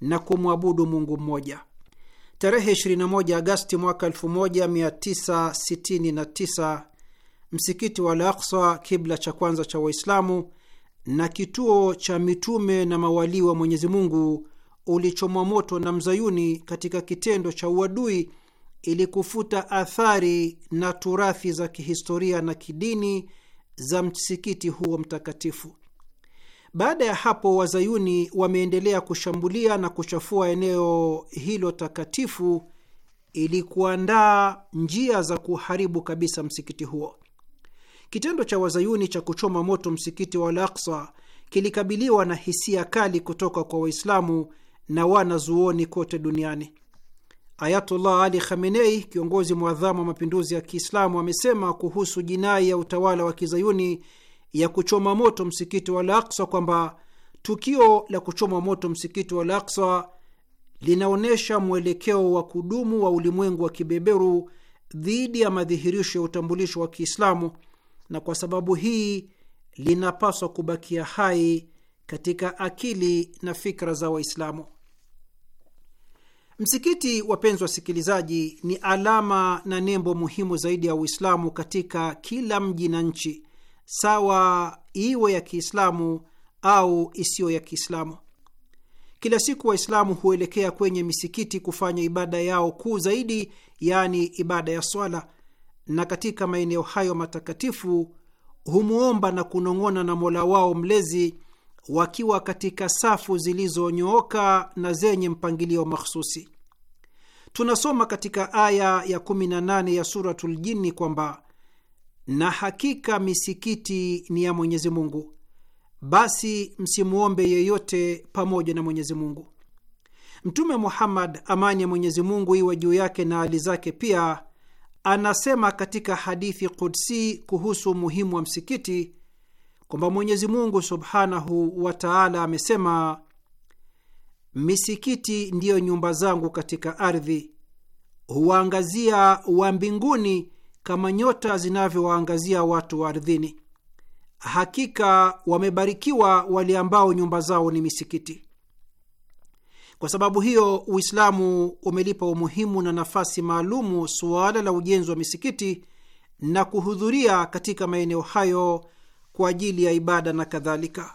na kumwabudu Mungu mmoja. Tarehe 21 Agasti mwaka 1969 msikiti wa Al-Aqsa, kibla cha kwanza cha Waislamu na kituo cha mitume na mawalii wa Mwenyezi Mungu, ulichomwa moto na mzayuni katika kitendo cha uadui ili kufuta athari na turathi za kihistoria na kidini za msikiti huo mtakatifu. Baada ya hapo, wazayuni wameendelea kushambulia na kuchafua eneo hilo takatifu ili kuandaa njia za kuharibu kabisa msikiti huo. Kitendo cha wazayuni cha kuchoma moto msikiti wa Al-Aqsa kilikabiliwa na hisia kali kutoka kwa Waislamu na wanazuoni kote duniani. Ayatullah Ali Khamenei, kiongozi mwadhamu wa mapinduzi ya Kiislamu, amesema kuhusu jinai ya utawala wa kizayuni ya kuchoma moto msikiti wa Al-Aqsa kwamba tukio la kuchoma moto msikiti wa Al-Aqsa linaonyesha mwelekeo wa kudumu wa ulimwengu wa kibeberu dhidi ya madhihirisho ya utambulisho wa Kiislamu, na kwa sababu hii linapaswa kubakia hai katika akili na fikra za Waislamu. Msikiti, wapenzi wasikilizaji, ni alama na nembo muhimu zaidi ya Uislamu katika kila mji na nchi sawa iwe ya Kiislamu au isiyo ya Kiislamu. Kila siku Waislamu huelekea kwenye misikiti kufanya ibada yao kuu zaidi, yaani ibada ya swala, na katika maeneo hayo matakatifu humwomba na kunong'ona na Mola wao mlezi wakiwa katika safu zilizonyooka na zenye mpangilio mahsusi. Tunasoma katika aya ya 18 ya Suratul Jini kwamba na hakika misikiti ni ya Mwenyezi Mungu, basi msimwombe yeyote pamoja na Mwenyezi Mungu. Mtume Muhammad, amani ya Mwenyezi Mungu iwe juu yake na hali zake, pia anasema katika hadithi kudsi kuhusu umuhimu wa msikiti kwamba Mwenyezi Mungu subhanahu wa taala amesema, misikiti ndiyo nyumba zangu katika ardhi, huwaangazia wa mbinguni kama nyota zinavyowaangazia watu wa ardhini. Hakika wamebarikiwa wale ambao nyumba zao ni misikiti. Kwa sababu hiyo, Uislamu umelipa umuhimu na nafasi maalumu suala la ujenzi wa misikiti na kuhudhuria katika maeneo hayo kwa ajili ya ibada na kadhalika.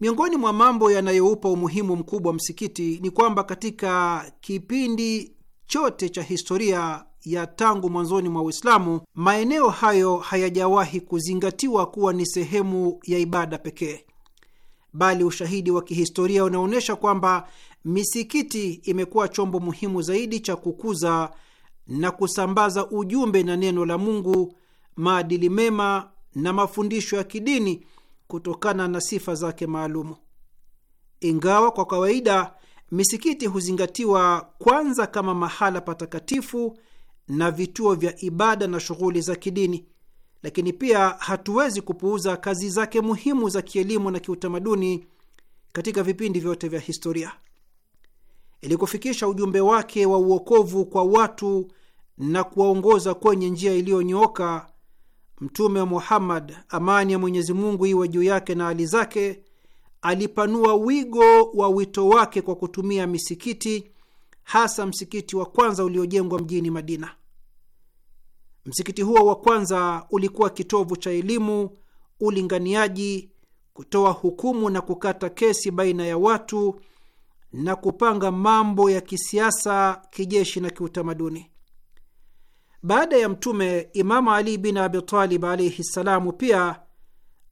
Miongoni mwa mambo yanayoupa umuhimu mkubwa msikiti ni kwamba katika kipindi chote cha historia ya tangu mwanzoni mwa Uislamu, maeneo hayo hayajawahi kuzingatiwa kuwa ni sehemu ya ibada pekee, bali ushahidi wa kihistoria unaonyesha kwamba misikiti imekuwa chombo muhimu zaidi cha kukuza na kusambaza ujumbe na neno la Mungu, maadili mema na mafundisho ya kidini kutokana na sifa zake maalumu. Ingawa kwa kawaida misikiti huzingatiwa kwanza kama mahala patakatifu na vituo vya ibada na shughuli za kidini, lakini pia hatuwezi kupuuza kazi zake muhimu za kielimu na kiutamaduni katika vipindi vyote vya historia ili kufikisha ujumbe wake wa uokovu kwa watu na kuwaongoza kwenye njia iliyonyooka. Mtume Muhammad, amani ya Mwenyezi Mungu iwe juu yake na hali zake, alipanua wigo wa wito wake kwa kutumia misikiti, hasa msikiti wa kwanza uliojengwa mjini Madina. Msikiti huo wa kwanza ulikuwa kitovu cha elimu, ulinganiaji, kutoa hukumu na kukata kesi baina ya watu na kupanga mambo ya kisiasa, kijeshi na kiutamaduni. Baada ya Mtume, Imamu Ali bin Abi Talib alaihi ssalamu pia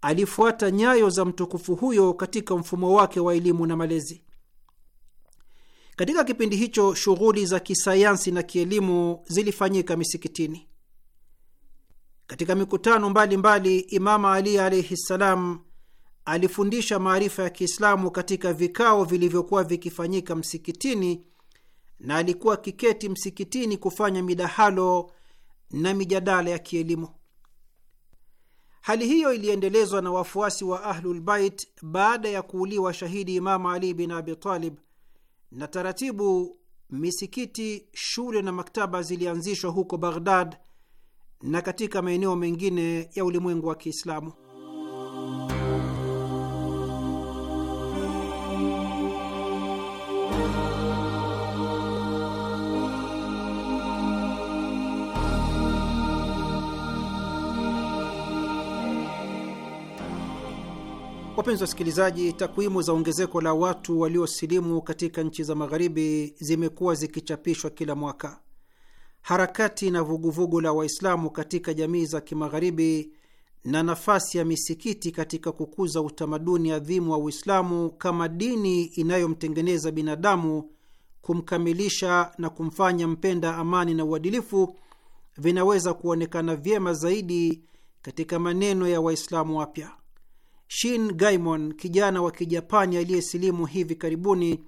alifuata nyayo za mtukufu huyo katika mfumo wake wa elimu na malezi. Katika kipindi hicho shughuli za kisayansi na kielimu zilifanyika misikitini. Katika mikutano mbalimbali, Imama Ali alaihi ssalam alifundisha maarifa ya Kiislamu katika vikao vilivyokuwa vikifanyika msikitini, na alikuwa kiketi msikitini kufanya midahalo na mijadala ya kielimu. Hali hiyo iliendelezwa na wafuasi wa Ahlulbait baada ya kuuliwa shahidi Imamu Ali bin Abi Talib na taratibu misikiti, shule na maktaba zilianzishwa huko Baghdad na katika maeneo mengine ya ulimwengu wa Kiislamu. Wapenzi wasikilizaji, takwimu za ongezeko la watu waliosilimu katika nchi za magharibi zimekuwa zikichapishwa kila mwaka. Harakati na vuguvugu la Waislamu katika jamii za kimagharibi na nafasi ya misikiti katika kukuza utamaduni adhimu wa Uislamu kama dini inayomtengeneza binadamu, kumkamilisha na kumfanya mpenda amani na uadilifu, vinaweza kuonekana vyema zaidi katika maneno ya Waislamu wapya. Shin Gaimon, kijana wa Kijapani aliyesilimu hivi karibuni,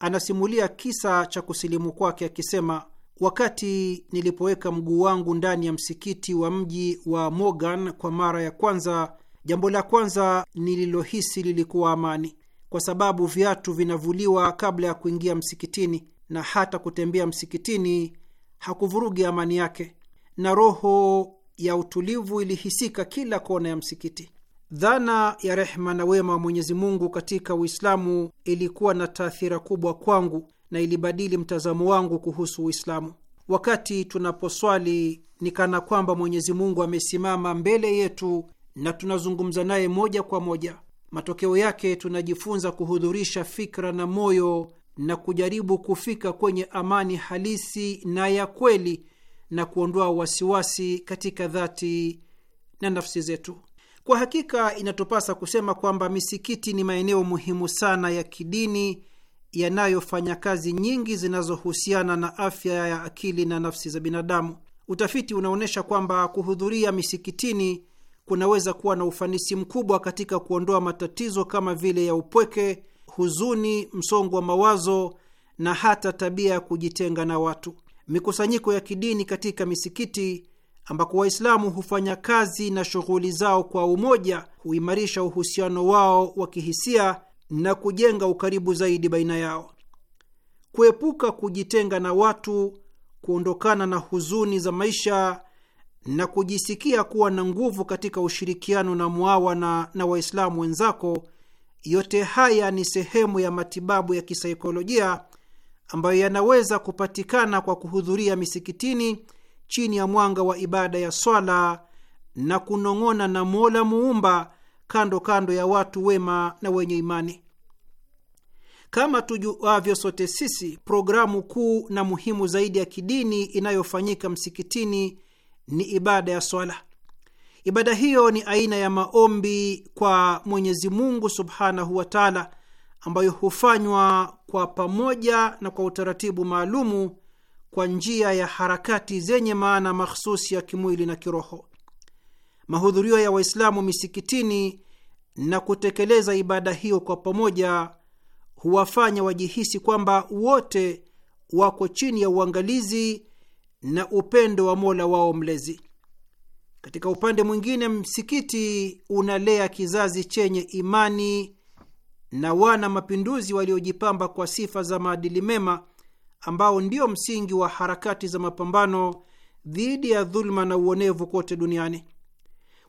anasimulia kisa cha kusilimu kwake akisema, wakati nilipoweka mguu wangu ndani ya msikiti wa mji wa mogan kwa mara ya kwanza, jambo la kwanza nililohisi lilikuwa amani, kwa sababu viatu vinavuliwa kabla ya kuingia msikitini na hata kutembea msikitini hakuvurugi amani yake, na roho ya utulivu ilihisika kila kona ya msikiti. Dhana ya rehma na wema wa Mwenyezi Mungu katika Uislamu ilikuwa na taathira kubwa kwangu na ilibadili mtazamo wangu kuhusu Uislamu. Wakati tunaposwali ni kana kwamba Mwenyezi Mungu amesimama mbele yetu na tunazungumza naye moja kwa moja. Matokeo yake tunajifunza kuhudhurisha fikra na moyo na kujaribu kufika kwenye amani halisi na ya kweli na kuondoa wasiwasi katika dhati na nafsi zetu. Kwa hakika inatupasa kusema kwamba misikiti ni maeneo muhimu sana ya kidini yanayofanya kazi nyingi zinazohusiana na afya ya akili na nafsi za binadamu. Utafiti unaonyesha kwamba kuhudhuria misikitini kunaweza kuwa na ufanisi mkubwa katika kuondoa matatizo kama vile ya upweke, huzuni, msongo wa mawazo na hata tabia ya kujitenga na watu. Mikusanyiko ya kidini katika misikiti ambako Waislamu hufanya kazi na shughuli zao kwa umoja, huimarisha uhusiano wao wa kihisia na kujenga ukaribu zaidi baina yao. Kuepuka kujitenga na watu, kuondokana na huzuni za maisha na kujisikia kuwa na nguvu katika ushirikiano na muawana na Waislamu wenzako, yote haya ni sehemu ya matibabu ya kisaikolojia ambayo yanaweza kupatikana kwa kuhudhuria misikitini chini ya mwanga wa ibada ya swala na kunong'ona na Mola Muumba kando kando ya watu wema na wenye imani. Kama tujuavyo sote sisi, programu kuu na muhimu zaidi ya kidini inayofanyika msikitini ni ibada ya swala. Ibada hiyo ni aina ya maombi kwa Mwenyezi Mungu subhanahu wa taala, ambayo hufanywa kwa pamoja na kwa utaratibu maalumu kwa njia ya harakati zenye maana mahsusi ya kimwili na kiroho. Mahudhurio ya Waislamu misikitini na kutekeleza ibada hiyo kwa pamoja huwafanya wajihisi kwamba wote wako chini ya uangalizi na upendo wa Mola wao Mlezi. Katika upande mwingine, msikiti unalea kizazi chenye imani na wana mapinduzi waliojipamba kwa sifa za maadili mema ambao ndio msingi wa harakati za mapambano dhidi ya dhuluma na uonevu kote duniani.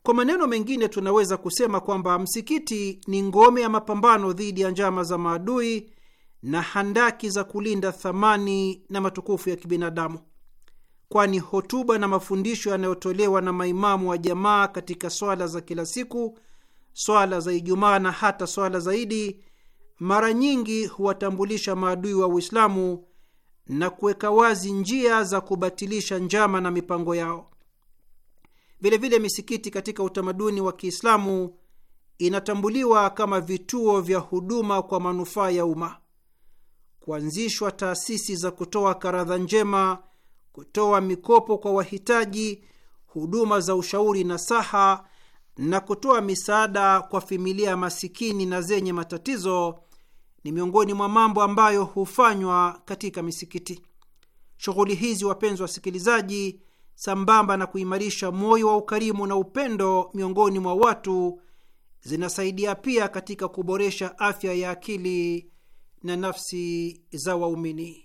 Kwa maneno mengine, tunaweza kusema kwamba msikiti ni ngome ya mapambano dhidi ya njama za maadui na handaki za kulinda thamani na matukufu ya kibinadamu, kwani hotuba na mafundisho yanayotolewa na maimamu wa jamaa katika swala za kila siku, swala za Ijumaa na hata swala zaidi mara nyingi huwatambulisha maadui wa Uislamu na kuweka wazi njia za kubatilisha njama na mipango yao. Vilevile, misikiti katika utamaduni wa Kiislamu inatambuliwa kama vituo vya huduma kwa manufaa ya umma. Kuanzishwa taasisi za kutoa karadha njema, kutoa mikopo kwa wahitaji, huduma za ushauri na saha na kutoa misaada kwa familia masikini na zenye matatizo ni miongoni mwa mambo ambayo hufanywa katika misikiti. Shughuli hizi, wapenzi wasikilizaji, sambamba na kuimarisha moyo wa ukarimu na upendo miongoni mwa watu, zinasaidia pia katika kuboresha afya ya akili na nafsi za waumini.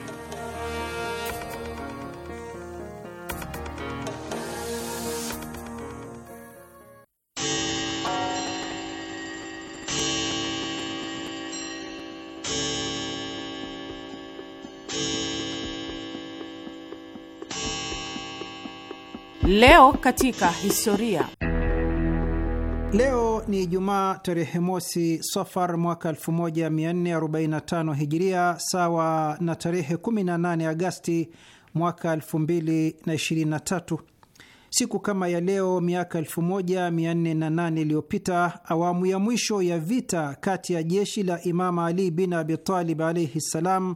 Leo katika historia. Leo ni Ijumaa tarehe mosi Safar mwaka 1445 Hijiria, sawa na tarehe 18 Agasti mwaka 2023. Siku kama ya leo miaka 1408 iliyopita, awamu ya mwisho ya vita kati ya jeshi la Imama Ali bin Abi Talib alaihi ssalam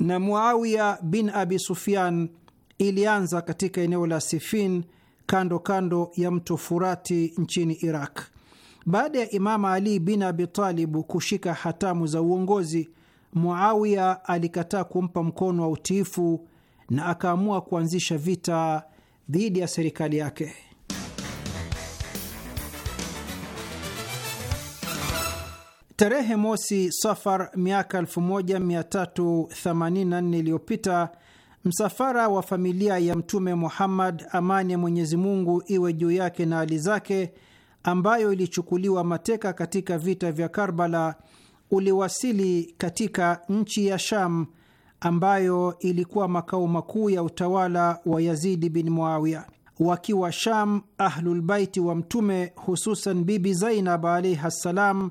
na Muawiya bin Abi Sufyan ilianza katika eneo la Sifin kando kando ya mto Furati nchini Iraq. Baada ya Imama Ali bin abitalibu kushika hatamu za uongozi, Muawiya alikataa kumpa mkono wa utiifu na akaamua kuanzisha vita dhidi ya serikali yake. Tarehe mosi Safar miaka 1384 iliyopita Msafara wa familia ya Mtume Muhammad, amani ya Mwenyezi Mungu iwe juu yake na hali zake, ambayo ilichukuliwa mateka katika vita vya Karbala, uliwasili katika nchi ya Sham ambayo ilikuwa makao makuu ya utawala wa Yazidi bin Muawiya. Wakiwa Sham, Ahlulbaiti wa Mtume, hususan Bibi Zainab alaihi ssalam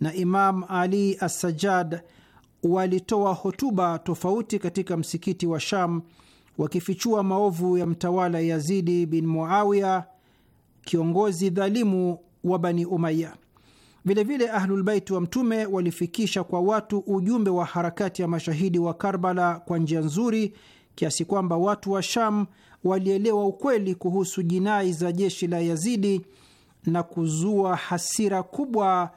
na Imam Ali Assajad walitoa hotuba tofauti katika msikiti wa Sham wakifichua maovu ya mtawala Yazidi bin Muawiya, kiongozi dhalimu wa Bani Umaya. Vilevile, Ahlulbaiti wa Mtume walifikisha kwa watu ujumbe wa harakati ya mashahidi wa Karbala kwa njia nzuri kiasi kwamba watu wa Sham walielewa ukweli kuhusu jinai za jeshi la Yazidi na kuzua hasira kubwa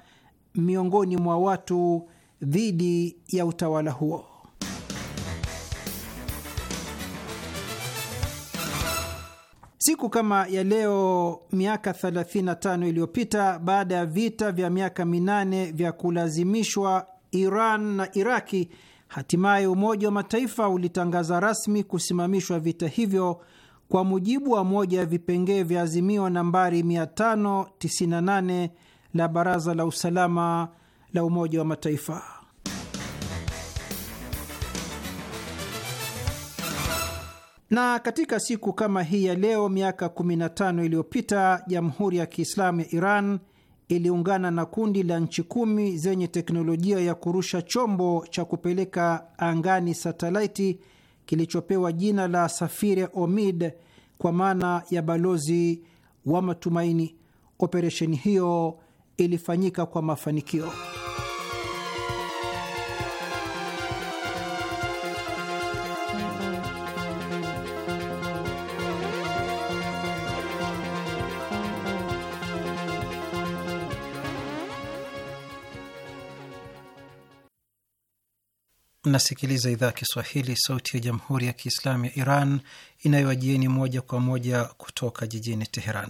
miongoni mwa watu dhidi ya utawala huo. Siku kama ya leo miaka 35 iliyopita, baada ya vita vya miaka minane vya kulazimishwa Iran na Iraki, hatimaye Umoja wa Mataifa ulitangaza rasmi kusimamishwa vita hivyo kwa mujibu wa moja ya vipengee vya azimio nambari 598 la Baraza la Usalama na Umoja wa Mataifa. Na katika siku kama hii ya leo miaka 15 iliyopita Jamhuri ya Kiislamu ya Iran iliungana na kundi la nchi kumi zenye teknolojia ya kurusha chombo cha kupeleka angani satelaiti kilichopewa jina la Safire Omid kwa maana ya balozi wa matumaini. Operesheni hiyo ilifanyika kwa mafanikio. Mnasikiliza idhaa Kiswahili, sauti ya jamhuri ya kiislamu ya Iran inayoajieni moja kwa moja kutoka jijini Teheran.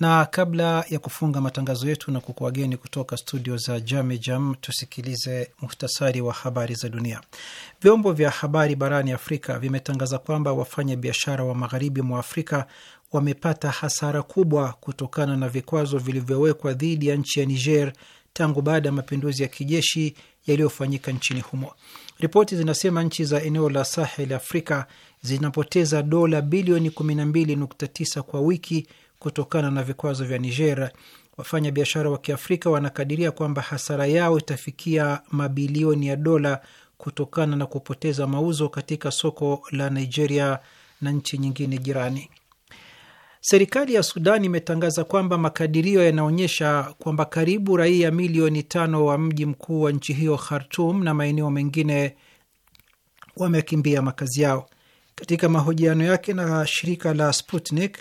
Na kabla ya kufunga matangazo yetu na kukuageni kutoka studio za Jamejam, tusikilize muhtasari wa habari za dunia. Vyombo vya habari barani Afrika vimetangaza kwamba wafanyabiashara wa magharibi mwa Afrika wamepata hasara kubwa kutokana na vikwazo vilivyowekwa dhidi ya nchi ya Niger tangu baada ya mapinduzi ya kijeshi yaliyofanyika nchini humo. Ripoti zinasema nchi za eneo la Sahel Afrika zinapoteza dola bilioni 12.9 kwa wiki kutokana na vikwazo vya Niger. Wafanya biashara wa Kiafrika wanakadiria kwamba hasara yao itafikia mabilioni ya dola kutokana na kupoteza mauzo katika soko la Nigeria na nchi nyingine jirani. Serikali ya Sudan imetangaza kwamba makadirio yanaonyesha kwamba karibu raia milioni tano wa mji mkuu wa nchi hiyo Khartum na maeneo mengine wamekimbia makazi yao. Katika mahojiano yake na shirika la Sputnik,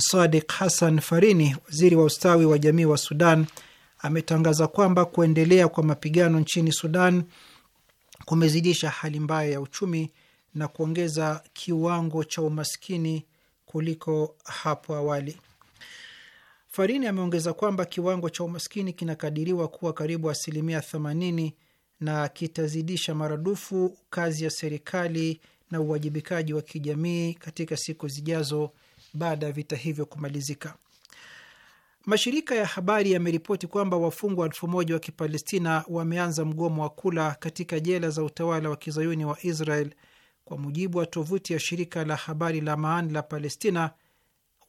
Sadik Hassan Farini, waziri wa ustawi wa jamii wa Sudan, ametangaza kwamba kuendelea kwa mapigano nchini Sudan kumezidisha hali mbaya ya uchumi na kuongeza kiwango cha umaskini kuliko hapo awali. Farini ameongeza kwamba kiwango cha umaskini kinakadiriwa kuwa karibu asilimia 80 na kitazidisha maradufu kazi ya serikali na uwajibikaji wa kijamii katika siku zijazo baada ya vita hivyo kumalizika. Mashirika ya habari yameripoti kwamba wafungwa elfu moja wa Kipalestina wameanza mgomo wa kula katika jela za utawala wa kizayuni wa Israel kwa mujibu wa tovuti ya shirika la habari la Maan la Palestina,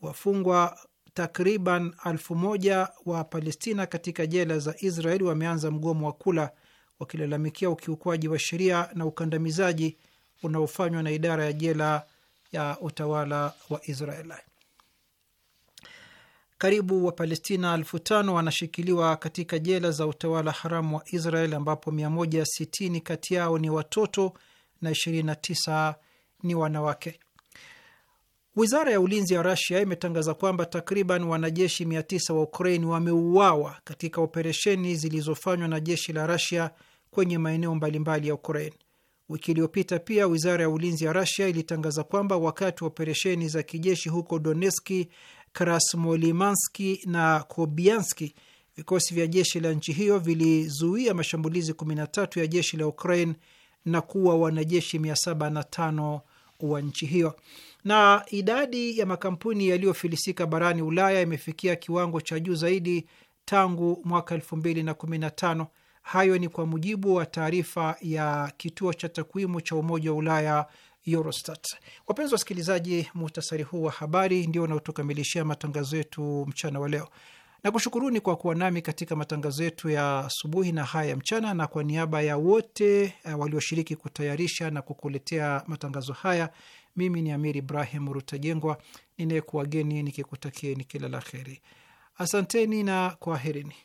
wafungwa takriban elfu moja wa Palestina katika jela za Israeli wameanza mgomo wa kula wakilalamikia ukiukwaji wa sheria na ukandamizaji unaofanywa na idara ya jela ya utawala wa israel Karibu Wapalestina elfu tano wanashikiliwa katika jela za utawala haramu wa Israel ambapo 160 kati yao ni watoto na 29 ni wanawake. Wizara ya ulinzi ya Rasia imetangaza kwamba takriban wanajeshi 900 wa Ukraini wameuawa katika operesheni zilizofanywa na jeshi la Rasia kwenye maeneo mbalimbali ya Ukraini. Wiki iliyopita pia wizara ya ulinzi ya Rasia ilitangaza kwamba wakati wa operesheni za kijeshi huko Doneski, Krasmolimanski na Kobianski, vikosi vya jeshi la nchi hiyo vilizuia mashambulizi 13 ya jeshi la Ukraine na kuwa wanajeshi 705 wa nchi hiyo. Na idadi ya makampuni yaliyofilisika barani Ulaya imefikia kiwango cha juu zaidi tangu mwaka 2015. Hayo ni kwa mujibu wa taarifa ya kituo cha takwimu cha Umoja wa Ulaya, Eurostat. Wapenzi wasikilizaji, muhtasari huu wa habari ndio unaotukamilishia matangazo yetu mchana wa leo na kushukuruni kwa kuwa nami katika matangazo yetu ya asubuhi na haya ya mchana, na kwa niaba ya wote eh, walioshiriki kutayarisha na kukuletea matangazo haya, mimi ni Amir Ibrahim Rutajengwa ninayekuwageni nikikutakieni kila la heri. Asanteni na kwaherini.